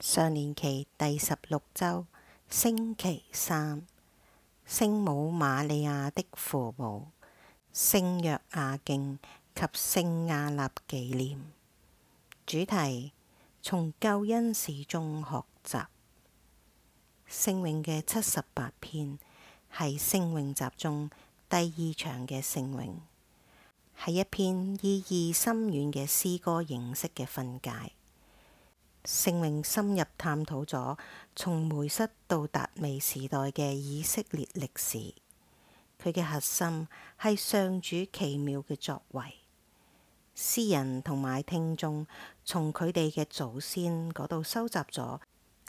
上年期第十六周星期三，聖母瑪利亞的父母聖若亞敬及聖亞納紀念。主題：從救恩史中學習聖詠嘅七十八篇，係聖詠集中第二場嘅聖詠，係一篇意義深遠嘅詩歌形式嘅訓誡。聖榮深入探討咗從梅失到達美時代嘅以色列歷史。佢嘅核心係上主奇妙嘅作為。詩人同埋聽眾從佢哋嘅祖先嗰度收集咗呢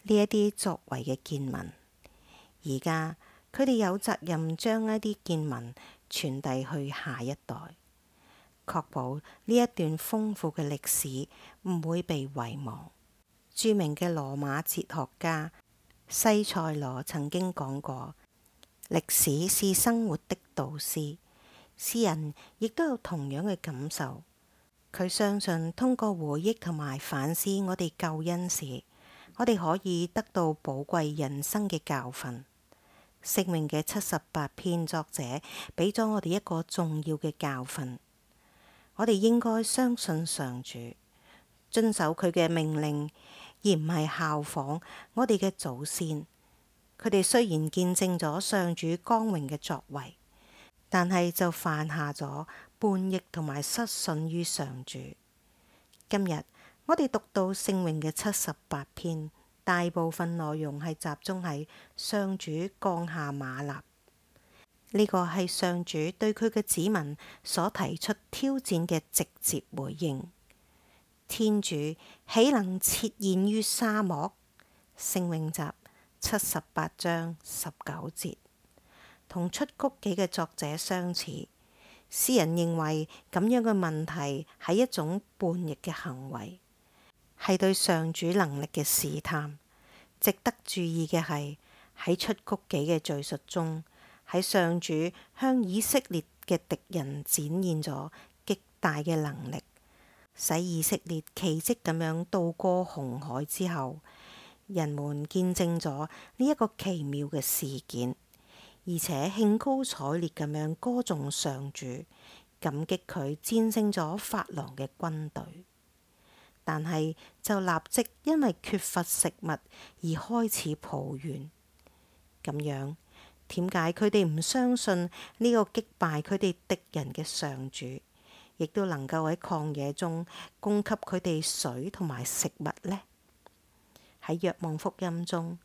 一啲作為嘅見聞。而家佢哋有責任將呢啲見聞傳遞去下一代，確保呢一段豐富嘅歷史唔會被遺忘。著名嘅羅馬哲學家西塞羅曾經講過：歷史是生活的導師。詩人亦都有同樣嘅感受。佢相信通過回憶同埋反思我哋救恩史，我哋可以得到寶貴人生嘅教訓。《聖詠》嘅七十八篇作者俾咗我哋一個重要嘅教訓：我哋應該相信上主，遵守佢嘅命令。而唔係效仿我哋嘅祖先，佢哋雖然見證咗上主光榮嘅作為，但係就犯下咗叛逆同埋失信於上主。今日我哋讀到聖詠嘅七十八篇，大部分內容係集中喺上主降下瑪納，呢個係上主對佢嘅子民所提出挑戰嘅直接回應。天主豈能設宴於沙漠？聖詠集七十八章十九節，同出谷記嘅作者相似。詩人認為咁樣嘅問題係一種叛逆嘅行為，係對上主能力嘅試探。值得注意嘅係喺出谷記嘅敘述中，喺上主向以色列嘅敵人展現咗極大嘅能力。使以色列奇跡咁樣渡過紅海之後，人們見證咗呢一個奇妙嘅事件，而且興高采烈咁樣歌頌上主，感激佢戰勝咗法郎嘅軍隊。但係就立即因為缺乏食物而開始抱怨。咁樣點解佢哋唔相信呢個擊敗佢哋敵人嘅上主，亦都能夠喺曠野中供給佢哋水同埋食物呢？喺《若望福音》中，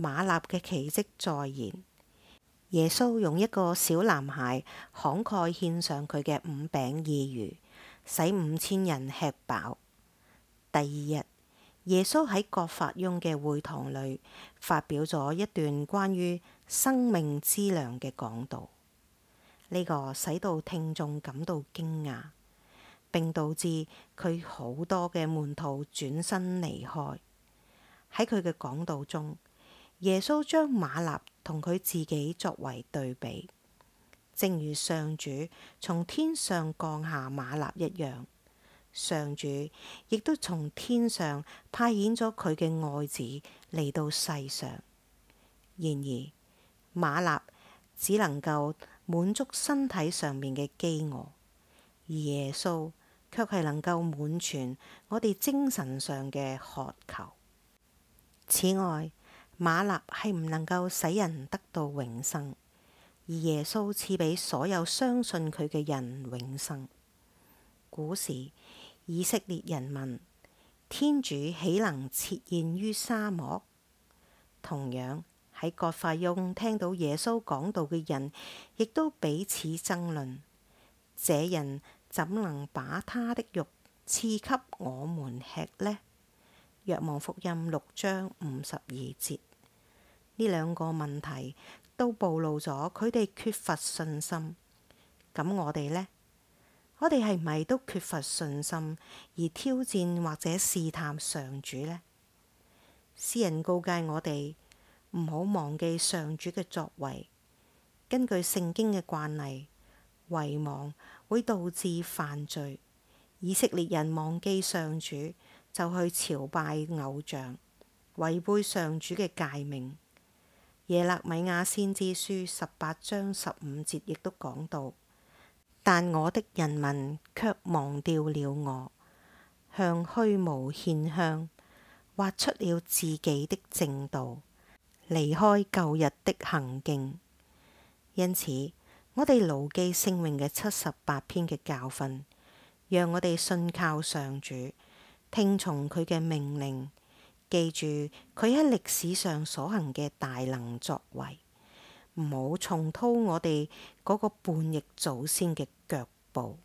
馬納嘅奇跡再現。耶穌用一個小男孩慷慨獻上佢嘅五餅二魚，使五千人吃飽。第二日，耶穌喺葛法翁嘅會堂裏發表咗一段關於生命之糧嘅講道。呢個使到聽眾感到驚訝，並導致佢好多嘅門徒轉身離開。喺佢嘅講道中，耶穌將瑪納同佢自己作為對比，正如上主從天上降下瑪納一樣，上主亦都從天上派遣咗佢嘅愛子嚟到世上。然而，瑪納只能夠滿足身體上面嘅飢餓，而耶穌卻係能夠滿全我哋精神上嘅渴求。此外，瑪納係唔能夠使人得到永生，而耶穌賜俾所有相信佢嘅人永生。古時以色列人問天主豈能設宴於沙漠？同樣，喺葛法翁聽到耶穌講道嘅人，亦都彼此爭論：「這人怎能把他的肉賜給我們吃呢？」若望福音六章五十二節，呢兩個問題都暴露咗佢哋缺乏信心。咁我哋呢？我哋係咪都缺乏信心而挑戰或者試探上主呢？詩人告誡我哋。唔好忘記上主嘅作為。根據聖經嘅慣例，遺忘會導致犯罪。以色列人忘記上主，就去朝拜偶像，違背上主嘅誡命。耶肋米亞先知書十八章十五節亦都講到：「但我的人民卻忘掉了我，向虛無獻香，滑出了自己的正道」。離開舊日的行徑，因此我哋牢記聖詠嘅七十八篇嘅教訓，讓我哋信靠上主，聽從佢嘅命令，記住佢喺歷史上所行嘅大能作為，唔好重蹈我哋嗰個叛逆祖先嘅腳步。